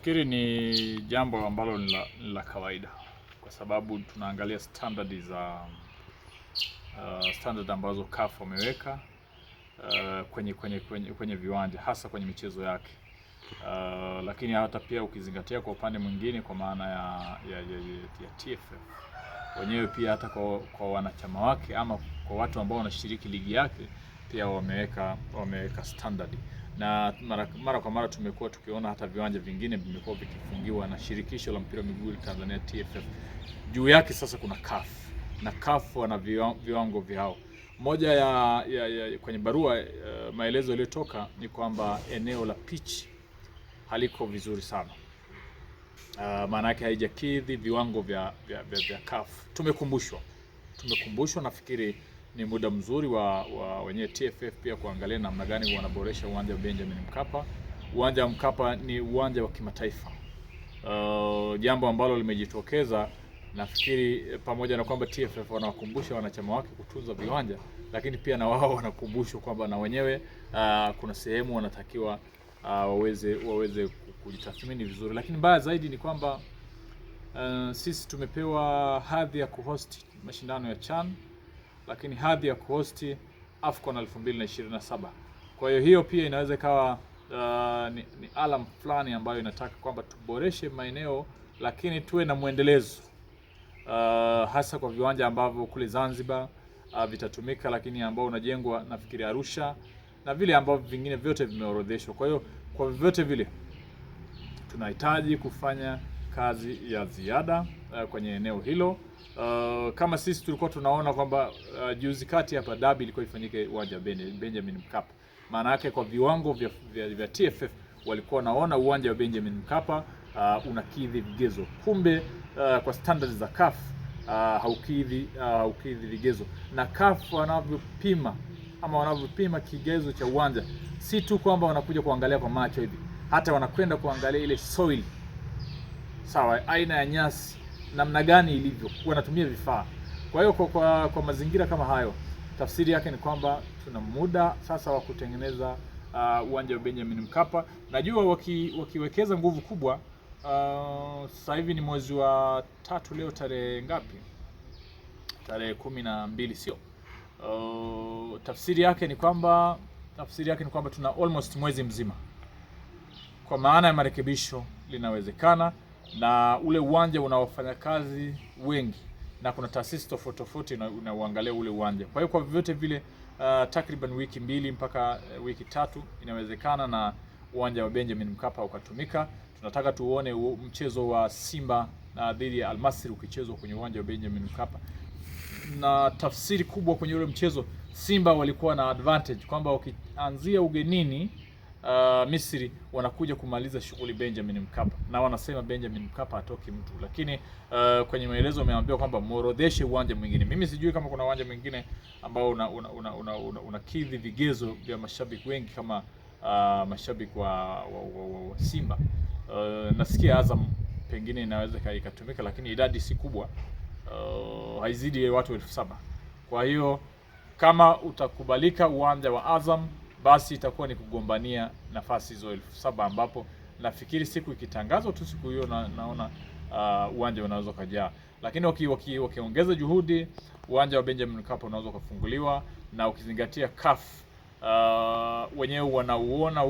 Nafikiri ni jambo ambalo ni la kawaida kwa sababu tunaangalia standard za uh, standard ambazo CAF wameweka uh, kwenye, kwenye, kwenye, kwenye viwanja hasa kwenye michezo yake uh, lakini hata pia ukizingatia kwa upande mwingine kwa maana ya, ya, ya, ya TFF wenyewe pia hata kwa, kwa wanachama wake ama kwa watu ambao wanashiriki ligi yake pia wameweka wameweka standard na mara, mara kwa mara tumekuwa tukiona hata viwanja vingine vimekuwa vikifungiwa na shirikisho la mpira wa miguu Tanzania TFF. Juu yake sasa kuna CAF na CAF wana viwango vyao. Moja ya, ya, ya kwenye barua uh, maelezo yaliyotoka ni kwamba eneo la pitch haliko vizuri sana uh, maana yake haijakidhi viwango vya, vya, vya, vya CAF. Tumekumbushwa tumekumbushwa nafikiri ni muda mzuri wa, wa wenye TFF pia kuangalia namna gani wanaboresha uwanja wa Benjamin Mkapa. Uwanja wa Mkapa ni uwanja wa kimataifa. Uh, jambo ambalo limejitokeza nafikiri, eh, pamoja na kwamba TFF wanawakumbusha wanachama wake kutunza viwanja, lakini pia na wao wanakumbushwa kwamba na wenyewe uh, kuna sehemu wanatakiwa uh, waweze waweze kujitathmini vizuri, lakini mbaya zaidi ni kwamba uh, sisi tumepewa hadhi ya kuhost mashindano ya CHAN lakini hadhi ya kuhosti AFCON 2027. Kwa hiyo hiyo pia inaweza ikawa uh, ni, ni alam fulani ambayo inataka kwamba tuboreshe maeneo lakini tuwe na mwendelezo uh, hasa kwa viwanja ambavyo kule Zanzibar uh, vitatumika lakini ambao unajengwa nafikiri Arusha na vile ambavyo vingine vyote vimeorodheshwa. Kwa hiyo kwa vyovyote vile tunahitaji kufanya kazi ya ziada uh, kwenye eneo hilo. Uh, kama sisi tulikuwa tunaona kwamba uh, juzi kati hapa dabi ilikuwa ifanyike uwanja Benjamin Mkapa. Maana yake kwa viwango vya, vya, vya TFF walikuwa wanaona uwanja wa Benjamin Mkapa uh, unakidhi vigezo, kumbe uh, kwa standards za CAF uh, haukidhi uh, haukidhi vigezo, na CAF wanavyopima ama wanavyopima kigezo cha uwanja, si tu kwamba wanakuja kuangalia kwa macho hivi, hata wanakwenda kuangalia ile soil, sawa, aina ya nyasi namna gani ilivyo, wanatumia vifaa. Kwa hiyo kwa, kwa, kwa mazingira kama hayo, tafsiri yake ni kwamba tuna muda sasa wa kutengeneza uh, uwanja uh, wa Benjamin Mkapa. Najua waki, wakiwekeza nguvu kubwa uh, sasa hivi ni mwezi wa tatu, leo tarehe ngapi? Tarehe kumi na mbili, sio uh, tafsiri yake ni kwamba tafsiri yake ni kwamba tuna almost mwezi mzima, kwa maana ya marekebisho linawezekana na ule uwanja una wafanyakazi wengi na kuna taasisi tofauti tofauti unaoangalia ule uwanja. Kwa hiyo kwa vyovyote vile, uh, takriban wiki mbili mpaka uh, wiki tatu inawezekana na uwanja wa Benjamin Mkapa ukatumika. Tunataka tuone mchezo wa Simba na uh, dhidi ya Almasri ukichezwa kwenye uwanja wa Benjamin Mkapa, na tafsiri kubwa kwenye ule mchezo Simba walikuwa na advantage kwamba wakianzia ugenini uh, Misri wanakuja kumaliza shughuli Benjamin Mkapa, na wanasema Benjamin Mkapa atoki mtu, lakini uh, kwenye maelezo wameambiwa kwamba mworodheshe uwanja mwingine. Mimi sijui kama kuna uwanja mwingine ambao unakidhi una, una, una, una, una vigezo vya mashabiki wengi kama uh, mashabiki wa, wa, wa, wa, wa Simba. Uh, nasikia Azam pengine inaweza ikatumika, lakini idadi si kubwa uh, haizidi watu elfu saba. Kwa hiyo kama utakubalika uwanja wa Azam basi itakuwa ni kugombania nafasi hizo elfu saba ambapo nafikiri siku ikitangazwa tu siku hiyo na, naona uh, uwanja unaweza ukajaa, lakini wakiongeza waki, waki juhudi uwanja wa Benjamin Mkapa unaweza ukafunguliwa, na ukizingatia kafu uh, wenyewe wanauona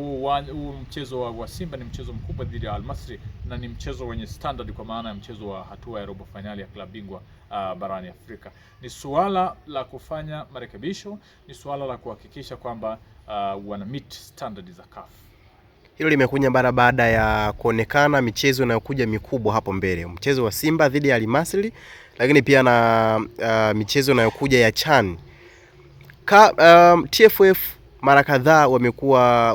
huu mchezo wa, wa Simba ni mchezo mkubwa dhidi ya Almasri na ni mchezo wenye standard kwa maana ya mchezo wa hatua ya robo fainali ya klabu bingwa uh, barani Afrika. Ni suala la kufanya marekebisho, ni suala la kuhakikisha kwamba uh, wana meet standard za CAF. Hilo limekuja mara baada ya kuonekana michezo inayokuja mikubwa hapo mbele, mchezo wa Simba dhidi ya Almasri, lakini pia na uh, michezo inayokuja ya CHAN Ka, um, TFF mara kadhaa wamekuwa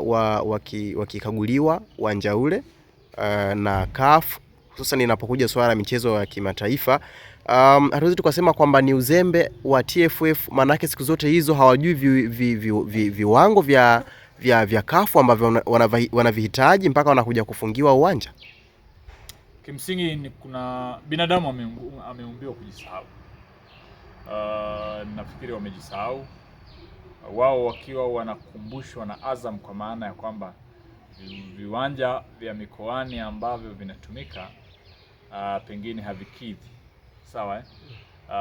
wakikaguliwa waki uwanja ule uh, na CAF hususan inapokuja swala la michezo ya kimataifa. Um, hatuwezi tukasema kwamba ni uzembe wa TFF, maanake siku zote hizo hawajui viwango vi, vi, vi, vi vya vya vya kafu ambavyo wanavihitaji mpaka wanakuja kufungiwa uwanja. Kimsingi ni kuna binadamu ameumbiwa kujisahau. Uh, nafikiri wamejisahau wao wakiwa wanakumbushwa na Azam kwa maana ya kwamba viwanja vya mikoani ambavyo vinatumika uh, pengine havikidhi sawa eh? Uh,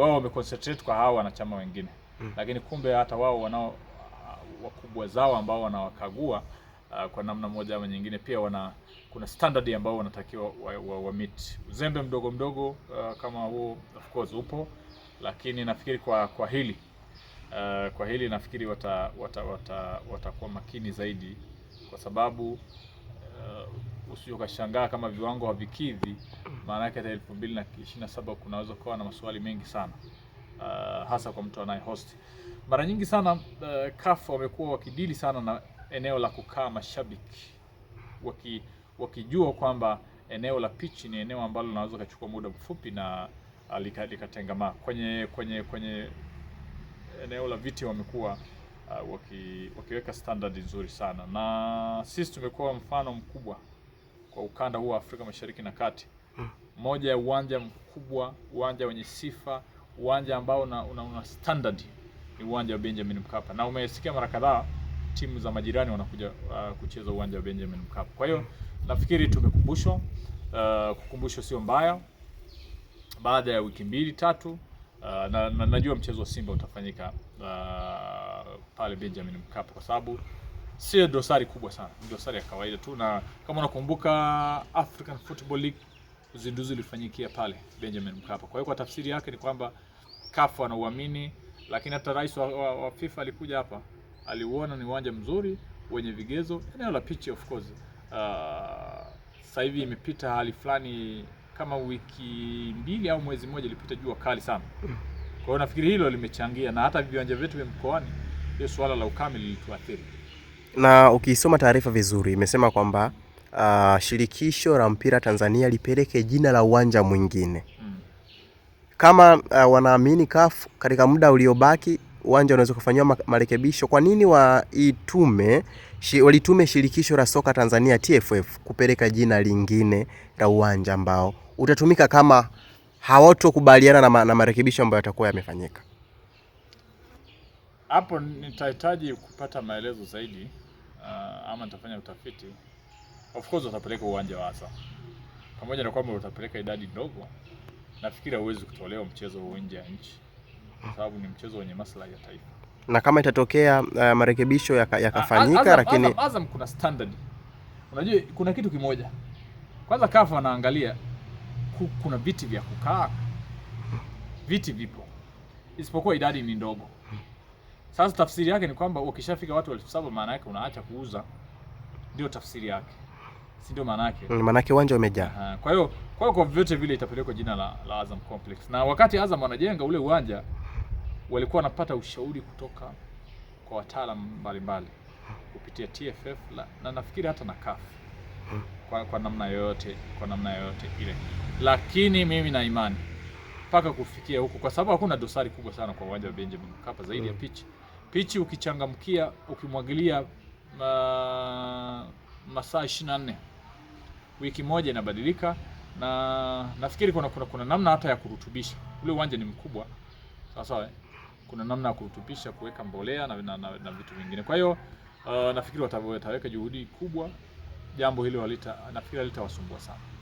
wao wameconcentrate kwa hao wanachama wengine hmm. Lakini kumbe hata wao wanao ah, wakubwa zao ambao wanawakagua uh, kwa namna moja ama nyingine pia wana kuna standard ambao wanatakiwa wa, wa, wa meet. Uzembe mdogo mdogo uh, kama huo of course upo, lakini nafikiri kwa kwa hili Uh, kwa hili nafikiri watakuwa wata, wata, wata makini zaidi kwa sababu uh, usio kashangaa kama viwango havikidhi, maana yake hata elfu mbili na ishirini na saba kunaweza kuwa na maswali mengi sana uh, hasa kwa mtu anaye host. Mara nyingi sana uh, CAF wamekuwa wakidili sana na eneo la kukaa mashabiki waki, wakijua kwamba eneo la pichi ni eneo ambalo linaweza kuchukua muda mfupi na uh, likatengamaa kwenye kwenye kwenye eneo la viti wamekuwa uh, waki, wakiweka standard nzuri sana, na sisi tumekuwa mfano mkubwa kwa ukanda huu wa Afrika Mashariki na Kati, hmm. moja ya uwanja mkubwa, uwanja wenye sifa, uwanja ambao una, una, una standard ni uwanja wa Benjamin Mkapa, na umesikia mara kadhaa timu za majirani wanakuja uh, kucheza uwanja wa Benjamin Mkapa. Kwa hiyo hmm. nafikiri tumekumbushwa, uh, kukumbushwa sio mbaya. Baada ya wiki mbili tatu Uh, na, na najua mchezo wa Simba utafanyika uh, pale Benjamin Mkapa kwa sababu sio dosari kubwa sana, ni dosari ya kawaida tu, na kama unakumbuka African Football League uzinduzi ulifanyikia pale Benjamin Mkapa. Kwa hiyo kwa tafsiri yake ni kwamba CAF anauamini, lakini hata rais wa, wa, wa FIFA alikuja hapa, aliuona ni uwanja mzuri wenye vigezo, eneo la pitch of course uh, sasa hivi imepita hali fulani kama wiki mbili au mwezi mmoja ilipita jua kali sana. Kwa hiyo nafikiri hilo limechangia, na hata viwanja vyetu vya mkoani hiyo suala la ukame lilituathiri. Na ukiisoma taarifa vizuri imesema kwamba uh, shirikisho la mpira Tanzania lipeleke jina la uwanja mwingine mm. kama uh, wanaamini CAF katika muda uliobaki uwanja unaweza kufanyiwa marekebisho. Kwa nini waitume shi, walitume shirikisho la soka Tanzania TFF kupeleka jina lingine la uwanja ambao utatumika kama hawatokubaliana na, ma, na marekebisho ambayo yatakuwa yamefanyika? Hapo nitahitaji kupata maelezo zaidi uh, ama nitafanya utafiti. Of course utapeleka uwanja wa Asa, pamoja na kwamba utapeleka idadi ndogo, nafikiri hauwezi kutolewa mchezo huu nje ya nchi kwa sababu ni mchezo wenye maslahi ya taifa, na kama itatokea uh, marekebisho yakafanyika yaka lakini Azam, Azam kuna standard. Unajua kuna kitu kimoja kwanza, kafa anaangalia kuna viti vya kukaa, viti vipo, isipokuwa idadi ni ndogo. Sasa tafsiri yake ni kwamba ukishafika watu elfu saba maana yake unaacha kuuza, ndio tafsiri yake, si ndio? Maana yake mm, maana yake uwanja umejaa. Kwa hiyo kwa hiyo kwa vyote vile itapelekwa jina la, la Azam Complex, na wakati Azam wanajenga ule uwanja walikuwa wanapata ushauri kutoka kwa wataalamu mbalimbali kupitia TFF la, na nafikiri hata na CAF kwa, kwa namna yoyote kwa namna yoyote ile, lakini mimi na imani mpaka kufikia huku, kwa sababu hakuna dosari kubwa sana kwa uwanja wa Benjamin Mkapa zaidi ya mm. pichi pichi. Ukichangamkia, ukimwagilia ma, masaa 24 wiki moja inabadilika, na nafikiri kuna, kuna, kuna namna hata ya kurutubisha ule uwanja ni mkubwa sawa sawa. Eh? kuna namna ya kutupisha kuweka mbolea na, na, na, na vitu vingine. Kwa hiyo uh, nafikiri wataweka juhudi kubwa, jambo hilo nafikiri halitawasumbua sana.